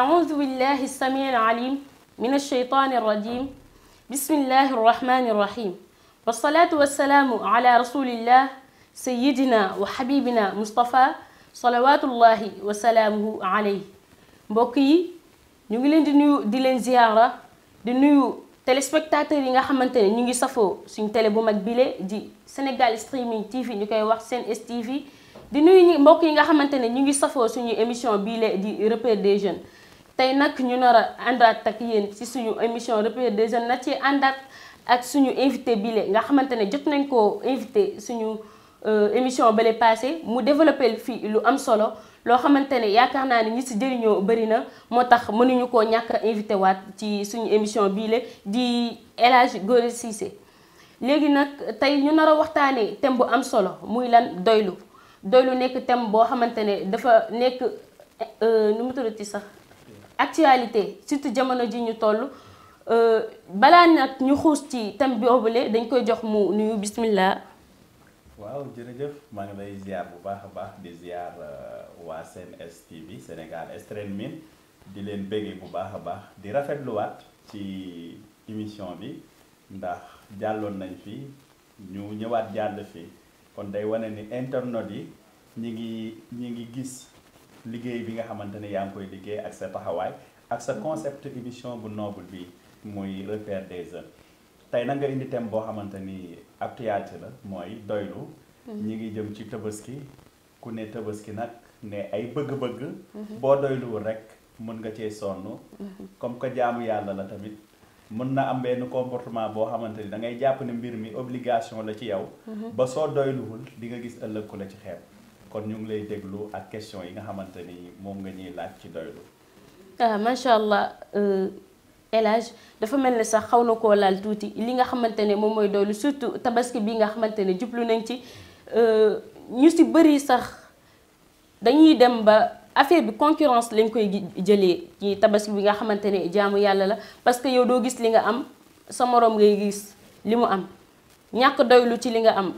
أعوذ بالله السميع العليم من الشيطان الرجيم بسم الله الرحمن الرحيم والصلاة والسلام على رسول الله سيدنا وحبيبنا مصطفى صلوات الله وسلامه عليه بوكي نغلين دي نيو دي لين زيارة دي نيو تيلي سبيكتاتور ييغا خامتاني نيغي سافو سين تيلي بو ماك بيلي دي سينيغال ستريمينغ تي في نيكاي واخ سين اس تي في دي نيو مبوك ييغا خامتاني سافو سونو ايميسيون بيلي دي ريبير دي tey nag ñu nar a àndaat ak yéen ci suñu émission repère des jeunes na ci àndaat ak suñu invité bile nga xamante ne jot nañ koo invité suñu euh, émission bale passé mu développé fii lu am solo loo xamante ne yaakaar naa ne ñi si jëriñoo bëri na moo tax mënuñu koo ñàkk invité waat ci suñu émission bile di El gore Goré léegi nag tey ñu nar a waxtaanee thème bu am solo muy lan doylu doylu nekk thème boo xamante ne dafa nekk euh, nu mu tuddati sax. actualité surtout jamono ji ñu tollu euh balaa nak ñu xuus ci thème obulé dañ koy jox mu nuyu bismillah waaw jërëjëf ma ngi lay ziar bu baax baax di ziar euh, wa SNS TV Sénégal Extrême min di leen béggee bu baax baax di rafetluwaat ci émission bi ndax jallon nañ fi ñu ñëwaat jàll fi kon day wone ni internet yi ñi ngi ñi ngi gis liggéey bi nga xamante ne yaa ngi koy liggéey ak sa taxawaay ak sa mhm. concept émission bu noble bi muy repère des jeunes tey na nga indi thème boo xamante ni ab théâtre la mooy doylu mhm. ñi ngi jëm ci tabaski ku ne tabaski nag ne ay bëgg-bëgg mhm. boo doyluwul rek mën nga cee sonn comme que jaamu yàlla la tamit mën na am benn comportement boo xamante ni da ngay jàpp ne mbir mi obligation la ci yow ba soo doyluwul di gis ëllëg ku la ci xeeb kon ñu ngi lay déglu ak question yi nga xamante ni moom nga ñuy laaj ci doylu ah macha allah euh, El Hadj dafa mel ne sax xaw na koo laal tuuti li nga xamante ne moom mooy doylu surtout tabaski bi nga xamante ne jublu nañ ci euh, ñu si bëri sax dañuy dem ba affaire bi concurrence lañ koy jëlee ci tabaski bi nga xamante ne jaamu yàlla la parce que yow doo gis li nga am sa moroom ngay gis li mu am ñàkk doylu ci li nga am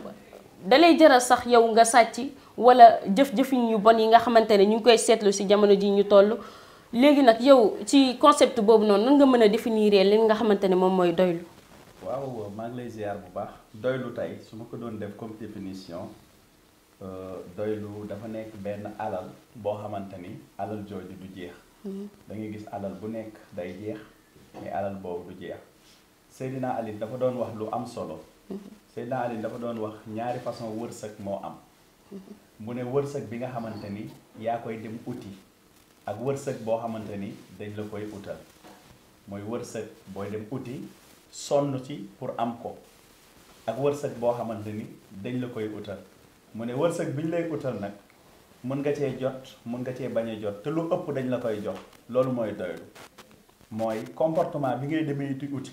dalay jaral sax yow nga sàcc. wala jëf-jëfin yu bon yi nga xamante ne ñu ngi koy seetlu si jamono ji ñu toll léegi nag yow ci concept boobu noonu nan nga mën a définir li nga xamante ne moom mooy doylu waaw maa lay ziar bu baax doylu tey su ma ko doon def comme définition euh, doylu dafa nekk benn alal boo xamante ni alal jooju du jeex hmm. da gis alal bu nekk day jeex mais alal boobu du jeex Seydina Ali dafa doon wax lu am solo hmm. Seydina Ali dafa doon wax ñaari façon wërsëg moo am mu ne wërsëg bi nga xamante ni yaa koy dem uti ak wërsëg boo xamante ni dañ la koy utal mooy wërsëg booy dem uti sonn ci pour am ko ak wërsëg boo xamante ni dañ la koy utal mu ne wërsëg bi ñu lay utal nag mën nga cee jot mën nga cee bañ a jot te lu ëpp dañ la koy jox loolu mooy doylu mooy comportement bi ngay demee di uti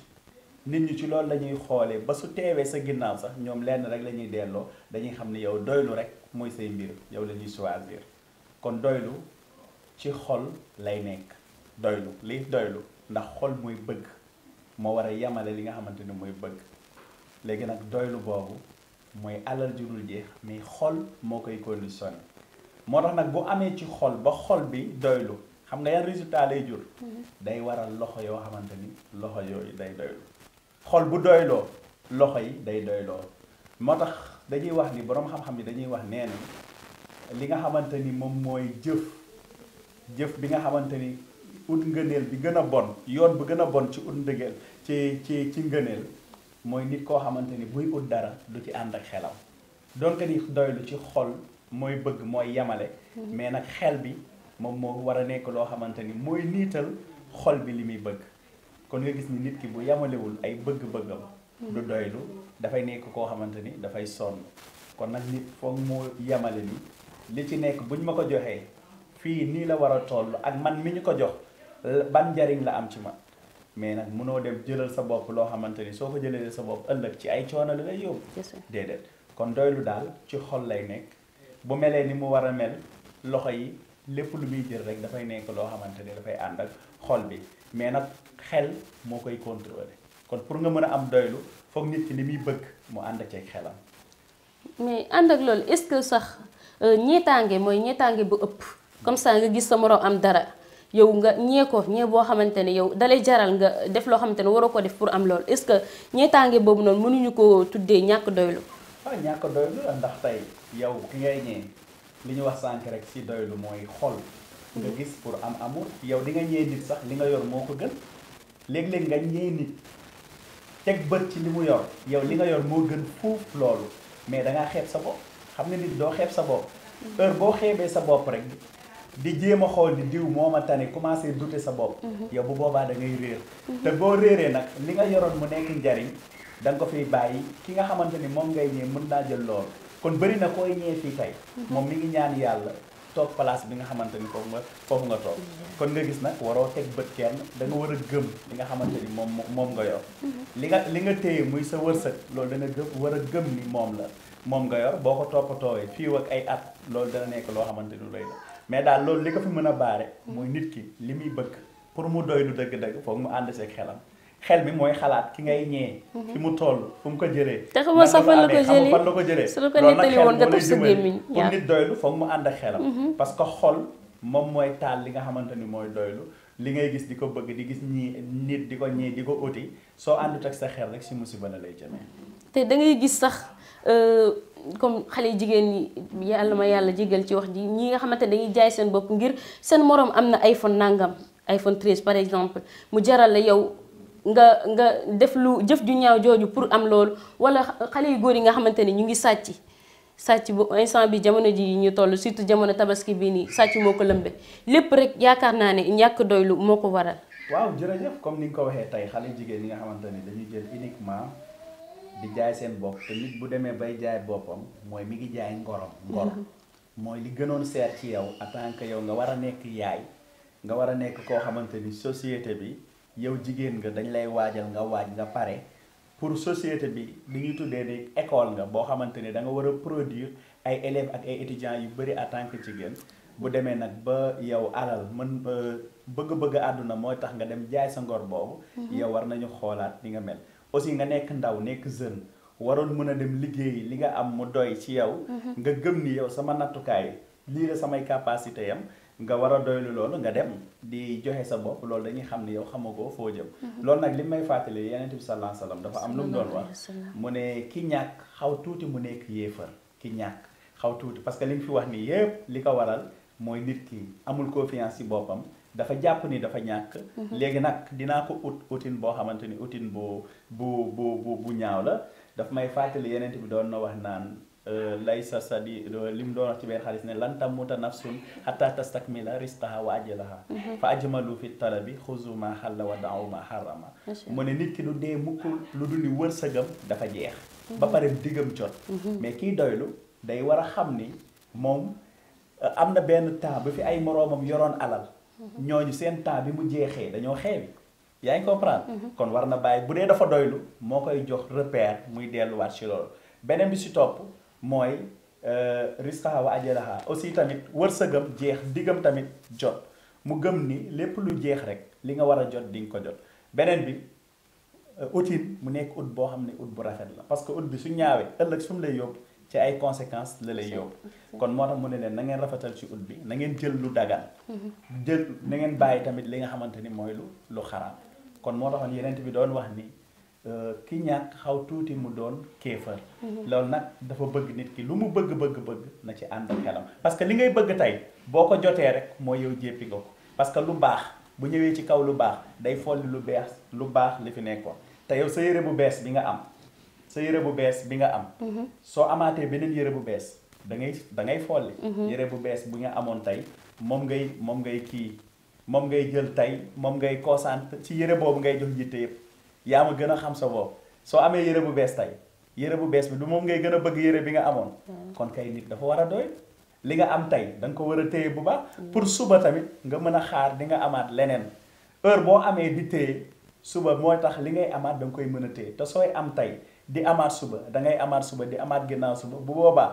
nit ñi ci loolu la ñuy xoolee ba su teewee sa ginnaaw sax ñoom lenn rek la ñuy delloo dañuy xam ne yow doylu rek moy say mbir yow la ñuy choisir kon doylu ci xol lay nekk doylu li doylu ndax xol moy bëgg mo wara yamale li nga xamanteni moy bëgg légui nak doylu bobu moy alal ju dul jeex mais xol mo koy condition mo tax nak bu amé ci xol ba xol bi doylu xam nga yan résultat lay jur day waral loxo yo xamanteni loxo yoy day doylu xol bu doylo loxoy day doylo motax dañuy wax ni boroom xam-xam ni dañuy wax nee li nga xamante ni moom mooy jëf jëf bi nga xamante ni ut ngëneel bi gën a bon yoon bu gën a bon ci ut ndëgeel ci ci ci ngëneel mooy nit koo xamante ni buy ut dara du ci ànd ak xelam donc ni doylu ci xol mooy bëgg mooy yemale mhm. mais nag xel bi moom moo war a nekk loo xamante ni mooy niital xol bi li muy bëgg kon nga gis ni nit ki bu yamalewul ay bëgg-bëggam du doylu dafay nekk koo xamante ni dafay sonn kon nag nit foog mu yamale ni li ci nekk buñ ma ko joxee fii nii la war a toll ak man mi ñu ko jox ban njariñ la am ci ma mais nag munoo dem jëlal sa bopp loo xamante ni soo ko jëlalee sa bopp ëllëg ci ay coono la lay yóbbu déedéet kon doylu daal ci xol lay nekk bu melee ni mu war a mel loxo yi lépp lu muy jël rek dafay nekk loo xamante ni dafay ànd ak xol bi mais nag xel moo koy contrôler kon pour nga mën a am doylu foog nit ki li muy bëgg mu ànd ceeg xelam. mais ànd ak loolu est-ce que sax euh, ñeetaange mooy ñeetaange ba ëpp comme ça nga gis sa moroom am dara yow nga ñee ko ñee boo xamante ne yow dalay jaral nga def loo xamante ne waroo ko def pour am loolu est-ce que ñeetaange boobu noonu mënuñu ko tuddee ñàkk doylu. waaw ah, ñàkk doylu ndax tey yow ki ngay ñee li ñu wax sànq rek ci doylu mooy xol. nga gis pour am amul yow di nga ñee nit sax li nga yor moo ko gën léeg-léeg nga teg bët ci li mu yor yow li nga yor moo gën fuuf loolu mais da ngaa xeeb sa bopp xam nga nit doo xeeb sa bopp heure boo xeebee sa bopp rek di jéem a xool di diw moo ma tane commencé douter sa bopp mhm. yow bu boobaa da ngay réer mhm. te boo réeree nag li nga yoroon mu nekk njariñ da nga ko fiy bàyyi ki nga xamante ni moom ngay ñëw mën naa jël loolu kon bëri na koy ñee fii tey mhm. moom mi ngi ñaan yàlla toog place bi nga xamante ni foofu nga foofu nga toog kon nga gis nag waroo teg bët kenn da war a gëm li nga xamante ni moom moom nga yor mm-hmm. li nga li nga téye muy sa wërsëg loolu da gëm war a gëm ni moom la moom nga yor boo ko toppatoowee fii ak ay at loolu dana nekk loo xamante ni doy la mais daal loolu li ko fi mën a baare mm-hmm. mooy nit ki li muy bëgg pour mu doy lu dëgg-dëgg foog mu ànd seeg xelam xel bi moy xalaat ki ngay ñee mhm. fi mu toll fu mu ko jëlé te xamoo sax fan la ko jëlé fan la ko jëlé su la ko nitali won nga tax sa gémmiñ pour nit doylu foog mu and ak xelam mhm. parce que xol mom moy tal li nga xamanteni ni doylu li ngay gis diko bëgg di gis ñi nit diko ko diko oti so uti ak sa xel rek si musiba la lay jëmee té da ngay gis sax euh, comme xalé jigen ni yalla ma yalla jégal ci wax ji ñi nga xamante dañuy jaay seen bop ngir seen morom amna iPhone nangam iPhone 13 par exemple mu jaral la yow nga nga def lu jëf ju ñaaw jooju pour am loolu wala xale yu góor yi nga xamante ni ñu ngi sàcc sàcc bu instant bi jamono ji ñu toll surtout jamono tabaski bii nii sàcc moo ko lëmbe lépp rek yaakaar naa ne ñàkk doylu moo ko waral. waaw jërëjëf comme ni nga ko waxee tey xale jigéen ñi nga xamante ne dañuy jël uniquement di jaay seen bopp te nit bu demee bay jaay boppam mooy mi ngi jaay ngorom. ngor mooy li gënoon seer ci yow en tant que yow nga war a nekk yaay nga war a nekk koo xamante ni société bi. yow jigéen nga dañ lay waajal nga waaj nga pare pour société bi li ñuy tuddee ni école nga boo xamante ni da nga war a produire ay élèves ak ay étudiants yu bëri en tant que bu demee nag ba yow alal mën bëgg-bëgg àdduna mooy tax nga dem jaay sa ngor boobu. Mhm. yow war nañu xoolaat li nga mel. aussi nga nekk ndaw nekk jeune waroon mën a dem liggéey li nga am mu doy ci yow. Mhm. nga gëm ni yow sama nattukaay lii la samay capacité yam nga war a doylu loolu nga dem di joxe sa bopp loolu dañuy xam ne yow xamagoo foo jëm mhm. loolu nag li may fàttali Yonent bi sallallahu alayhi dafa am lu mu doon wax mu ne ki ñàkk xaw tuuti mu nekk yéefar ki ñàkk xaw tuuti parce que li mu fi wax nii yépp li ko waral mooy nit ki amul confiance ci boppam dafa jàpp ni dafa ñàkk mhm. léegi nag dinaa ko ut utin boo xamante ni utin bu bu bu bu ñaaw la daf may fàttali yeneent bi doon na wax naan Eh, laisa sadi lim do ci ben xaalis ne lan tamuta nafsun hatta tastakmila risqaha wa ajalaha mhm. fa ajmalu fi talabi khuzu ma halla wa da'u ma xarama mon nit ki du de mukk lu dul wursagam dafa jeex mhm. ba pare digam jot mhm. mais ki doylu day wara xamni mom ni ben ta bu fi ay moromam yoron alal ñooñu sen tabi bi mu jeexé dañoo xeewi yaa ngi comprendre kon warna na bu dee dafa doylu moo koy jox repère muy wat ci lool benen bi ci top mooy euh, risqaha wa ajalaha aussi tamit wërsëgam jeex diggam tamit jot mu gëm ni lépp lu jeex rek li nga war a jot di nga ko jot beneen bi outil euh, mu nekk ut boo xam ne ut bu rafet la parce que ut bi su ñaawee ëllëg su mu lay yóbbu ci ay conséquences la lay yóbbu kon moo tax mu ne leen na ngeen rafetal ci ut bi nangeen jël lu dagan mhm. jël na ngeen bàyyi tamit li nga xamante ni mooy lu lu xaraam kon moo taxoon yeneen bi doon wax ni Eh, ki ñak xaw tuti mu doon kéfer mhm. lool nak dafa bëgg nit ki lu mu bëgg bëgg bëgg na ci and ak xelam parce que li ngay bëgg tay boko joté rek mo yow jépi ko parce que lu baax bu ñëwé ci kaw lu baax day folli lu bex lu baax li fi nekkoon te yow sa yéré bu bes bi nga am sa yéré bu bes bi nga am mhm. so amaté benen yéré bu bes da ngay da ngay folli mhm. yéré bu bes bu nga amon tay mom ngay mom ngay ki mom ngay jël tay mom ngay consent ci yéré bobu ngay jox yitté yaa ma gën a xam sa bopp soo amee yére bu bees tay yére bu bees bi du moom ngay gën a bëgg yére bi nga amoon hmm. kon kay nit dafa war a doy li nga am tey da ko war a téye bu baax hmm. pour suba tamit nga mën a xaar di nga amaat leneen heure boo amee di téye suba mooy tax li ngay amaat da koy mën a téye te sooy am tey di amaat suba da ngay amaat suba di amaat ginnaaw suba bu boobaa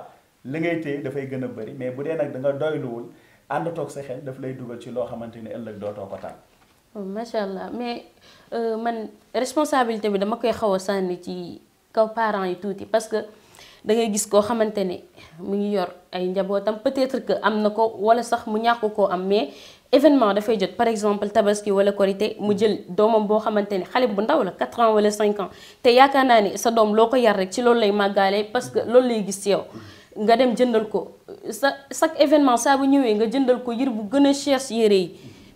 li ngay téye dafay gën a bëri mais bu dee nag da nga doyluwul ànd toog sa xel daf lay dugal ci loo xamante ni ëllëg dootoo ko tal Oh, macha allah mais euh, man responsabilité bi dama koy xaw a ci kaw parents yi touti parce que da ngay gis ko xamantene ne mu ngi yor ay njabootam peut-être que amna ko wala sax mu ñàkk ko am mais événement fay jot par exemple tabaski wala korité mu jël domam bo xamantene xalé bu ndaw la 4 ans wala 5 ans te yaakaar naa sa dom loo ko yar rek ci loolu lay magalé parce que loolu lay gis yow. nga dem jëndal ko sa chaque événement sa bu ñëwé nga jëndal ko yir bu gëna a cher yére yi.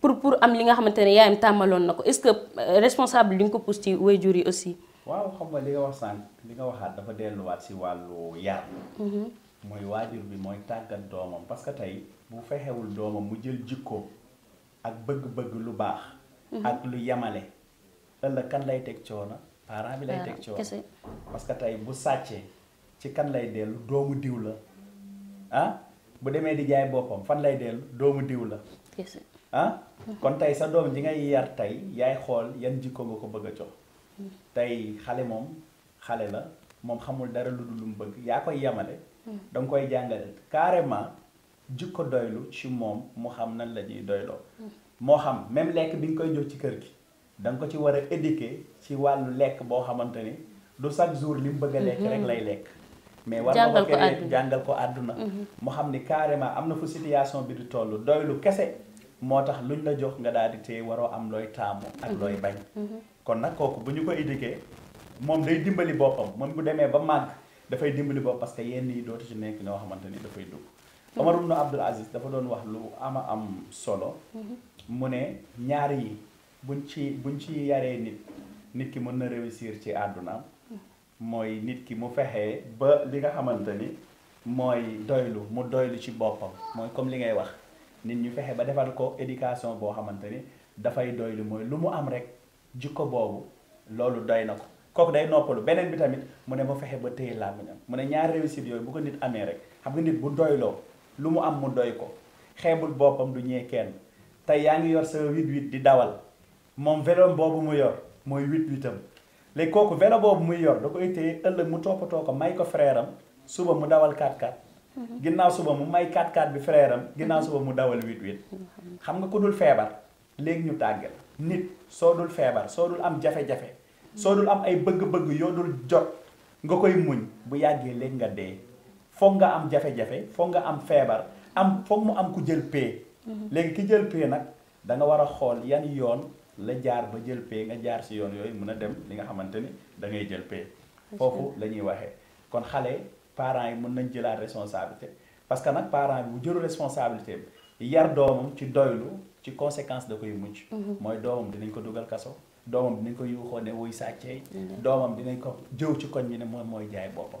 pour pour am li nga xamantene yaayam tamalon nako est-ce que euh, responsable li nga ko pousse ci waajur yi aussi. waaw xam nga li nga wax sank li nga waxat dafa delu wat ci walu yar. moy mm-hmm. wajur bi moy tagat domam parce que tay bu fexewul domam mu jël jikko ak bëgg-bëgg lu baax. Mm-hmm. ak lu yamalé ëlla kan lay tek ciona parent bi lay tek ciona parce que tay bu sàccee ci kan lay dellu doomu diiw la ah bu démé di jaay bopam fan lay dellu doomu diiw la. ah kon tey sa doom ji ngay yar tey yaay xool yan jikko nga ko bëgg a jox hmm. tey xale moom xale la moom xamul dara lu dul lu mu bëgg yaa koy yemale hmm. danga koy jàngale carrément jikko doylu ci moom mu xam nan la ñuy doyloo hmm. moo xam même lekk bi nga koy jox ci kër gi da nga ko ci war a éduquer ci wàllu lekk boo xamante ni du chaque jour li mu bëgg a lekk rek lay lekk mais war nga ko jàngal ko àdduna mu xam ni carrément am na fu situation bi di tollu doylu kese moo tax lu ñu la jox nga daal di téye waroo am looy taamu ak mhm. looy bañ mhm. kon nag kooku bu ñu ko éduqué moom day dimbali boppam moom bu demee ba màgg dafay dimbali bopp parce que yenn yi dootu ci nekk nga xamante ni dafay dugg mhm. Omar ibn Abdul Aziz dafa doon wax lu ama am solo mu ne ñaar yi buñ ci buñ ci yaree nit nit ki mën na réussir ci àdduna mooy nit ki mu fexee ba li nga xamante ni mooy doylu mu doylu ci boppam mooy comme li ngay wax nit ñu fexe ba defar ko éducation boo xamante ni dafay doy lu mooy lu mu am rek jikko boobu loolu doy na ko kooku day noppalu beneen bi tamit mu ne ma fexe ba téye làmmiñam mu ne ñaar réussite yooyu bu ko nit amee rek xam nga nit bu doyloo lu mu am mu doy ko xeebul boppam du ñee kenn tey yaa ngi yor sa 8-8 di dawal moom vélo boobu mu yor mooy 8-8 am léegi kooku vélo boobu muy yor da koy téye ëllëg mu toppatoo ko may ko frère suba mu dawal 4-4 Mm-hmm. ginnaaw suba mu may 4-4 bi frère am ginnaaw suba mu dawal 8-8 xam nga ko dul feebar léegi ñu tàggal nit soo dul feebar soo dul am jafe-jafe soo dul am ay bëgg-bëgg yoo dul jot nga koy muñ bu yàggee léegi nga dee foog nga am jafe-jafe foog nga am feebar am foog mu am ku jël pee mm-hmm. léegi ki jël pee nag da nga war a xool yan yoon la jaar ba jël pee nga jaar si yoon yooyu mën a dem li nga xamante ni da ngay jël pee foofu la ñuy waxee kon xale parents yi mën nañ jëlaat responsabilité parce que nag parent bi bu jëlu responsabilité yar doomam ci doylu ci conséquence da koy mucc mhm. mooy doomam dinañ ko dugal kaso doomam dinañ ko yuuxoo ne wuy sàccee mhm. doomam dinañ ko jëw ci koñ bi ne moom mooy jaay boppam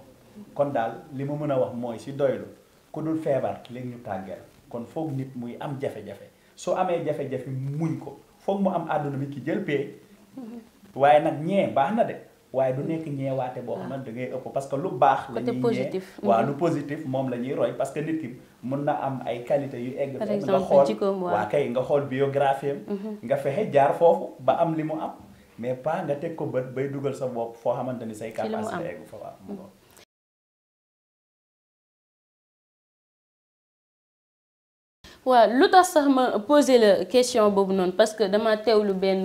kon daal li ma mën a wax mooy si doylu ku dul feebar léegi ñu tàggeel kon foog nit muy am jafe-jafe soo amee jafe-jafe muñ ko foog mu am àdduna mi ki jël pee mhm. waaye nag ñee baax na de waaye du nekk ñeewaate boo ah. xam ne da ngay ëpp parce que lu baax la ñuy ñee waaw mhm. lu positif moom la ñuy roy parce que nit ki mën na am ay qualité yu egg par nga xool waa kay nga xool biographie am mhm. nga fexe jaar foofu ba am li mu am mais pas nga teg ko bët bay dugal sa bopp foo xamante ni say capacité eggu fa waaw mhm. waaw lu tax sax ma posé la question boobu noonu parce que dama teewlu benn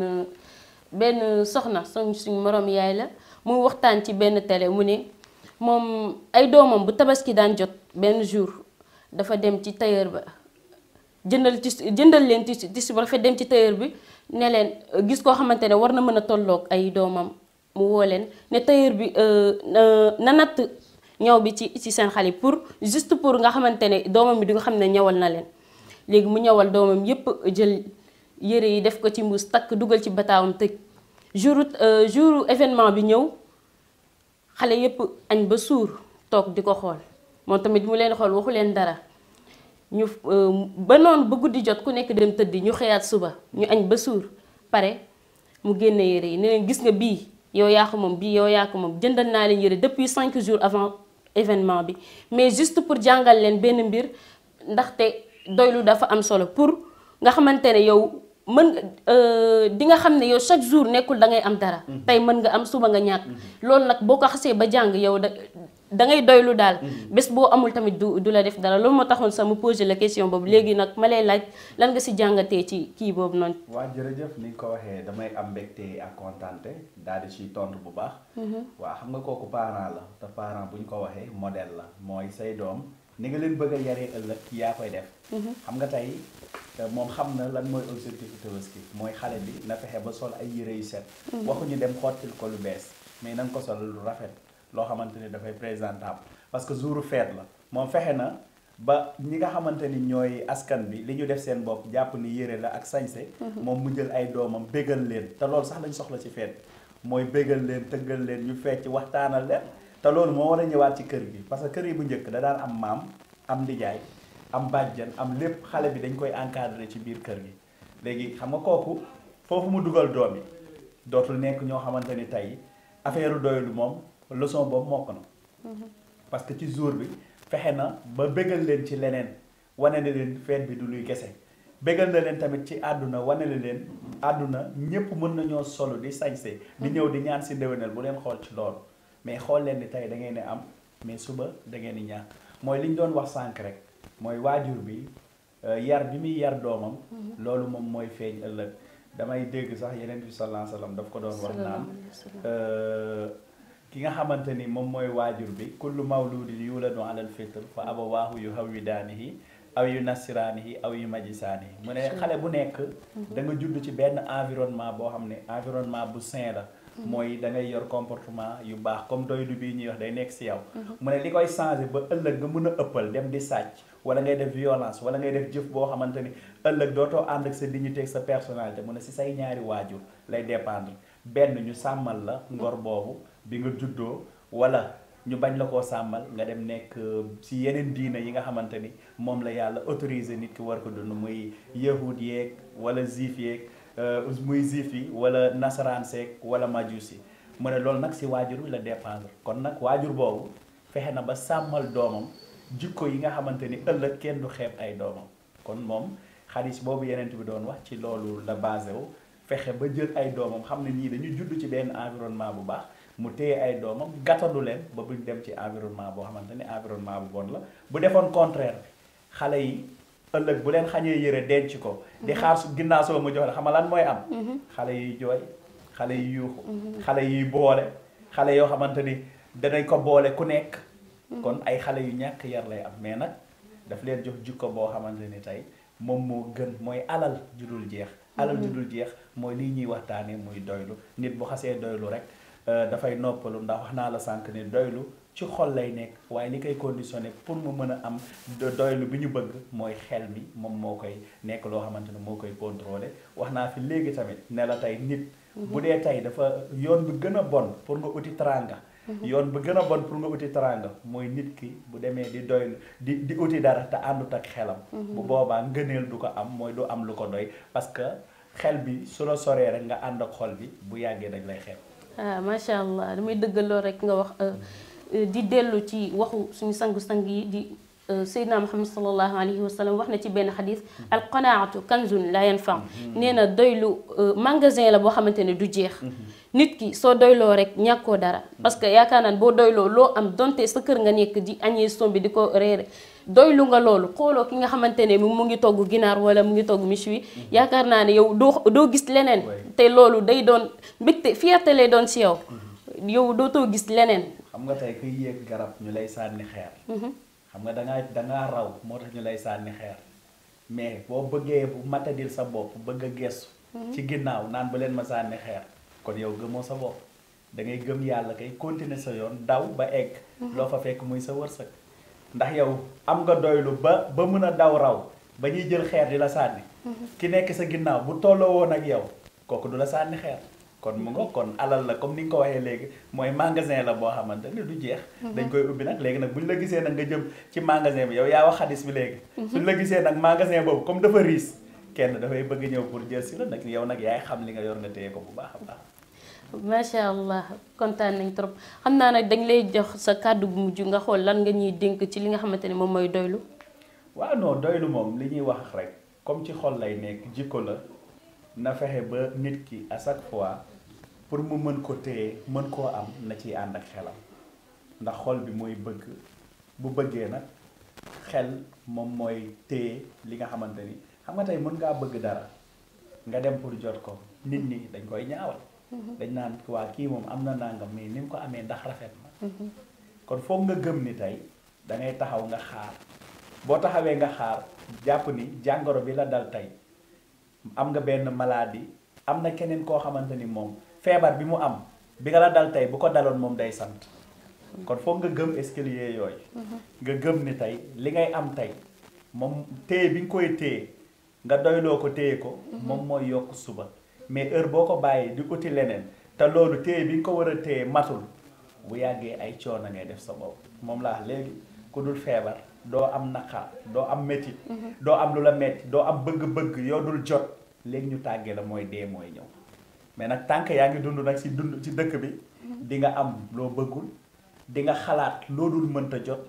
benn soxna suñ suñ moroom yaay la mu waxtaan ci benn tele mu ne moom ay doomam bu tabaski daan jot benn jour dafa dem ci tailleur ba jëndal tissu jëndal leen tis tissu bu rafet dem ci tailleur bi ne leen euh, gis koo xamante ne war na mën a tollook ay doomam mu woo leen ne tailleur bi euh, euh, na natt ñaw bi ci ci seen xale pour juste pour nga xamante ne doomam bi di nga xam ne ñawal na leen léegi mu ñawal doomam yépp jël yére yi def ko ci mbuus takk dugal ci bataawam tëj jour euh, jour événement bi ñëw xale yépp añ ba suur toog di ko xool moom tamit mu leen xool waxu leen dara ñu euh, ba noonu ba guddi jot ku nekk dem tëddi ñu xëyaat suba ñu añ ba suur pare mu génne yére yi ne leen gis nga bii yow yaa moom bii yow yaa ko moom jëndal naa leen yére depuis cinq jours avant événement bi mais juste pour jàngal leen benn mbir ndaxte doylu dafa am solo pour nga xamante ne yow euh di nga xamné ne yow chaque jour nekul da ngay am dara. Mhm. tay man nga am suba nga ñàkk. Mhm. loolu nag boo ba jang yow da ngay doylu daal. Mhm. bes bo amul tamit du du la def dara loolu moo taxoon sama poser la question boobu legui nak malay laaj lan nga si jangate ci ki non. non wa jërëjëf ni ko waxe damay am mbégte ak contenté dal di ci tontu bu baax. wa xam nga koku parent la ta parent buñ ko waxe model la moy say dom ni nga leen bëgg a yaree ëllëg yaa koy def. Mhm. xam nga tey moom xam na lan mooy objectif Tabaski mooy xale bi na fexe ba sol ay yëre yu set. Mhm. waxuñu dem xottil ko lu bees mais na nga ko sol lu rafet loo xamante ni dafay présentable parce que jouru feet la moom fexe na ba ñi nga xamante ni ñooy askan bi li ñu def seen bopp jàpp ni yére la ak sañse mhm. moom mu jël ay doomam bégal leen te loolu sax lañ soxla ci fête mooy bégal leen tëggal leen ñu fecc waxtaanal leen. te loolu moo war a ñëwaat ci kër gi parce que kër yi bu njëkk da daan am maam am ndijaay am bàjjan am lépp xale bi dañ koy encadré ci biir kër gi léegi xam nga kooku foofu mu dugal doom yi dootul nekk ñoo xamante ni tey affaire doylu moom leson boobu mokk na. Mm-hmm. parce que ci jour bi fexe na ba bégal leen ci leneen wane na leen feet bi du luy gese bégal na leen tamit ci àdduna wane na leen àdduna ñëpp mën nañoo solo di sañse di ñëw di ñaan si ndéwénal bu leen xool ci loolu. mais xool leen ni tey da ngeen di am mais suba dangeen di ñàkk mooy li ñu doon wax sànq rek mooy waajur bi euh, yar bi muy yar doomam. Mhm. loolu moom mooy feeñ ëllëg. damay dégg sax yeneen bi sallallahu alayhi wasallam daf ko doon wax naan euh, ki nga xamante ni moom mooy waajur bi kullu mawludin yuladu alal fitr fa waaxu yu hawwidaanihi aw yu nasiraanihi aw yu majisaanihi mu ne xale bu nekk mhm. da nga ci benn environnement boo xam ne environnement bu sain la mooy da ngay yor comportement yu baax comme doylu bii ñuy wax day nekk si yow. Mhm. mu ne li koy changé ba ëllëg nga mën a ëppal dem di sàcc wala ngay def violence wala ngay def jëf boo xamante ni ëllëg dooto ànd ak sa dignité ak sa personnalité mu ne si say ñaari waajur lay dépendre benn ñu sàmmal la ngor mhm. boobu bi nga juddoo wala. ñu bañ la koo sàmmal nga dem nekk ci euh, yeneen diina yi nga xamante ni moom la yàlla autorisé nit ki war ko dund muy yahud yeeg wala juif Euh, muy juif yi wala nasaraan seek wala majuus yi mu ne loolu nag si waajur bi la dépendre kon nag waajur boobu fexe na ba sàmmal doomam jikko yi nga xamante ni ëllëg kenn du xeeb ay doomam kon moom xadis boobu yenent bi doon wax ci loolu la basé wu fexe ba jël ay doomam xam ne ñii dañu judd ci benn environnement bu baax mu téye ay doomam gàttandu leen ba buñ dem ci environnement boo xamante ni environnement bu bon la bu defoon contraire xale yi ëllëg bu leen xañee yëre denc ko di xaar su ginnaaw soo ma jox la xam nga lan mooy am mm-hmm. xale yuy jooy xale yi yuuxu mm-hmm. xale yuy boole xale yoo xamante ni danañ ko boole ku nekk mm-hmm. kon ay xale yu ñàkk yar lay am mais nag daf leen jox jikko boo xamante ni tey moom moo gën mooy alal ju dul jeex alal ju dul jeex mooy lii ñuy waxtaanee muy doylu nit bu xasee doylu rek euh, dafay noppalu ndax wax naa la sànq ni doylu ci xol lay nekk waaye li koy ne pour mu mën a am doylu bi ñu bëgg mooy xel mi moom moo koy nekk loo xamante ne moo koy contrôlé wax naa fi léegi tamit ne la tey nit mhm. bu dee tey dafa yoon bu gën a bon pour nga uti teraanga mhm. yoon bi gën a bon pour nga uti teraanga mooy nit ki bu demee di doylu di di uti dara te àndut ak xelam mhm. bu boobaa ngëneel du ko am mooy du am lu ko doy parce que xel bi su la soree rek nga ànd ak xol bi bu yàggee dañ lay xel ah allah damay dëggal rek nga wax euh, Euh, di dellu ci waxu suñu sangu-sang yi di euh, Seydina Muhammad sallallahu alayhi wa sallam wax na ci benn xadis mhm. al qanaatu kanzun la yanfa mhm. nee na doylu euh, magasin la boo xamante ne du jeex mhm. nit ki soo doyloo rek ñàkkoo dara parce que yaakaar ne boo doyloo loo am donte sa kër nga nekk di añee sombi di ko reere doylu nga loolu xooloo ki nga xamante ne mu ngi togg ginaar wala mu ngi togg méchoui yaakaar naa ne yow doo doo gis leneen te loolu day doon mbégte fierté lay doon si yow yow dootoo gis leneen xam nga tay kuy yegg garab ñu lay sànni xeer mhm. xam nga dangaa dangaa raw moo tax ñu lay sànni xeer mais boo bëggee bu matadil sa bopp bëgg a gestu mhm. ci ginnaaw naan bu leen ma sànni xeer kon yow gëmoo sa bopp da ngay gëm yàlla kay continuer sa yoon daw ba egg mhm. loo fa fekk muy sa wërsëg ndax yow am nga doylu ba ba mën a daw raw ba ñuy jël xeer di la sànni ki nekk sa ginnaaw bu tolloo woon ak yow kooku du la sànni xeer kon mu nga kon alal la comme ni nga ko waxee léegi mooy magasin la boo xamante ne du jeex. Mhm. dañ koy ubbi nag léegi nag ñu la gisee nag nga jëm ci magasin bi yow yaa wax xadis bi léegi. Mhm. suñ la gisee nag magasin boobu comme dafa riis kenn dafay bëgg ñëw pour jël si la nag yow nag yaay xam li nga yor nga téye ko bu baax baax. macha allah kontaan nañ trop xam naa nag dañ lay jox sa kàddu gu mujj nga xool lan nga ñuy dénk ci li nga xamante ne moom mooy doylu. waaw non doylu moom li ñuy wax rek comme ci xol lay nekk jikko la na fexe ba nit ki à chaque fois. pour mu mën ko téye mën koo am na ci ànd ak xelam ndax xol bi mooy bëgg bu bëggee nag xel moom mooy téye li nga xamante ni xam nga tey mën ngaa bëgg dara nga dem pour jot ko nit ñi dañ koy ñaawal mm-hmm. dañ naan waa kii moom am na nangam mais ni mu ko amee ndax rafet na mm-hmm. kon foog nga gëm ni tey da ngay taxaw nga xaar boo taxawee nga xaar jàpp ni jàngoro bi la dal tay, am nga benn maladie am na keneen koo xamante ni feebar bi mu am bi nga la dal tey bu ko daloon moom day sant kon foog nga gëm escalier yooyu nga gëm ni tey li ngay am tey moom téye bi nga koy téye nga doyloo ko téye ko moom mooy yokk suba mais heure boo ko bàyyi di uti leneen te loolu téye bi nga ko war a téye matul bu yàggee ay coono ngay def sa bopp moom laa léegi ku dul feebar doo am naqar doo am métit mhm. doo am lu la metti doo am bëgg-bëgg yoo dul jot léegi ñu tàggee la mooy dee mooy ñëw mais nag tànk yaa ngi dund nag si dund ci dëkk bi di nga am loo bëggul di nga xalaat loo dul mënta jot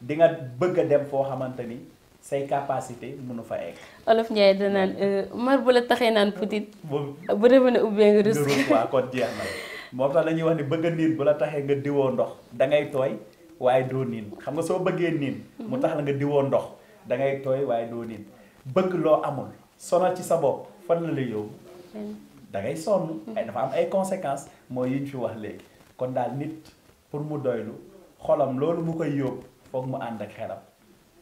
di nga bëgg dem foo xamante ni say capacité mënu fa egg. olof Ndiaye danaan euh, mar bu la taxee naan petit. bu demee ne ubbee nga rus. waaw jeex na moom tax la ñuy wax ni bëgg a niin bu la taxee nga diwoo ndox da ngay tooy waaye doo niin xam nga soo bëggee niin. mu tax la nga diwoo ndox da ngay tooy waaye doo niin bëgg loo amul sonal ci sa bopp fan la lay yow da ngay sonn. Mm-hmm. ay dafa am ay conséquences mooy yi ñu fi wax léegi kon daal nit pour mu doylu xolam loolu mu koy yóbbu foog mu ànd ak xeram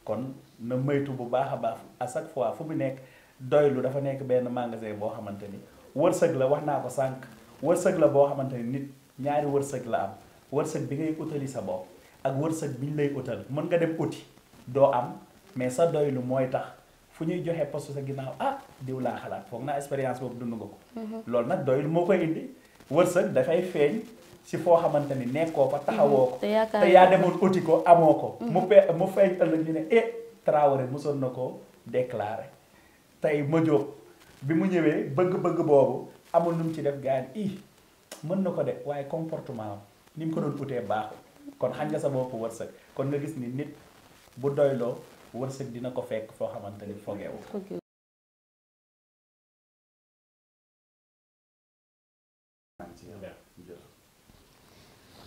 kon na moytu bu baax a baax à chaque fois fu mu nekk doylu dafa nekk benn magasin boo xamante ni wërsëg la wax naa ko sànq wërsëg la boo xamante ni nit ñaari wërsëg la am wërsëg bi ngay utali sa bopp ak wërsëg bi ñu lay utal mën nga dem uti doo am mais sa doylu mooy tax. fu ñuy joxe poste sa ginnaaw ah diw laa xalaat foog naa expérience boobu dund nga ko. Mm-hmm. loolu nag doyul moo koy indi wërsëg dafay feeñ si foo xamante ni nekkoo fa taxawoo ko. Mm-hmm. te yaa demoon uti ko amoo ko. Mm-hmm. mu pe mu feeñ ëllëg ñu ne eh Traoré mosoon na ko déclaré tey ma jóg bi mu ñëwee bëgg-bëgg boobu amul nu mu ci def gars yi ih mën na ko de waaye comportement ni mu ko doon utee baaxul kon xañ nga sa bopp wërsëg kon nga gis ni nit bu doyloo. wërsëg dina ko fekk foo xamante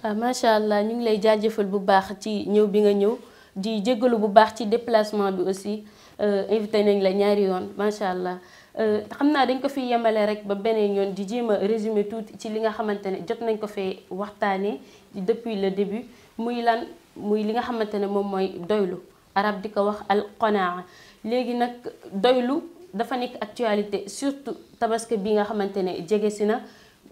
ah, macha allah ñu ngi lay jaajëfal bu baax ci ñëw bi nga ñëw di jéggalu bu baax ci déplacement bi aussi euh, invité nañ la ñaari yoon macha allah euh, xam naa dañ ko fi yemale rek ba beneen yoon di jéem a résumé tuuti ci li nga xamante ne jot nañ ko fee waxtaanee depuis le début muy lan muy li nga xamante ne moom mooy doylu arab di ko wax al qanaa léegi nag doylu dafa nekk actualité surtout tabaski bi nga xamante ne jege si na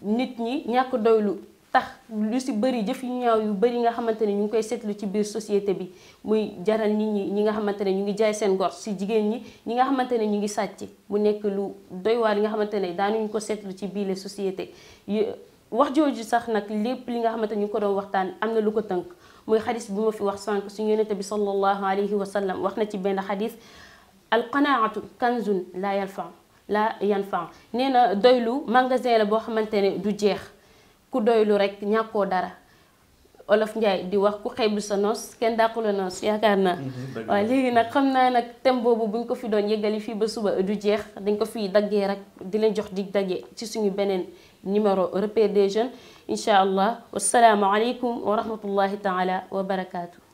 nit ñi ñàkk doylu tax lu si bëri jëf yu ñaaw yu bëri nga xamante ne ñu ngi koy seetlu ci biir société bi muy jaral nit ñi ñi nga xamante ne ñu ngi jaay seen gor si jigéen ñi ñi nga xamante ne ñu ngi sàcc bu nekk lu doy waar li nga xamante ne daanuñu ko seetlu ci biir société wax jooju sax nag lépp li nga xamante ñu ko doon waxtaan am na lu ko tënk mooy xadis bi ma fi wax sànq suñu yonente bi sallallahu alayhi wa sallam wax na ci benn xadis alqanaatu kanzun la yanfa la yanfa nee na doylu magasin la boo xamante ne du jeex ku doylu rek ñàkkoo dara olof ndjay di wax ku xeyb sa nos ken dàqula noos yaakaar naa waaw léegi nag nak naa nag thème boobu buñ ko fi doon yëgali fi ba suba du jeex dañ ko fi dagge rek di len jox dig dagge ci suñu benen numéro repère des jeunes إن شاء الله والسلام عليكم ورحمة الله تعالى وبركاته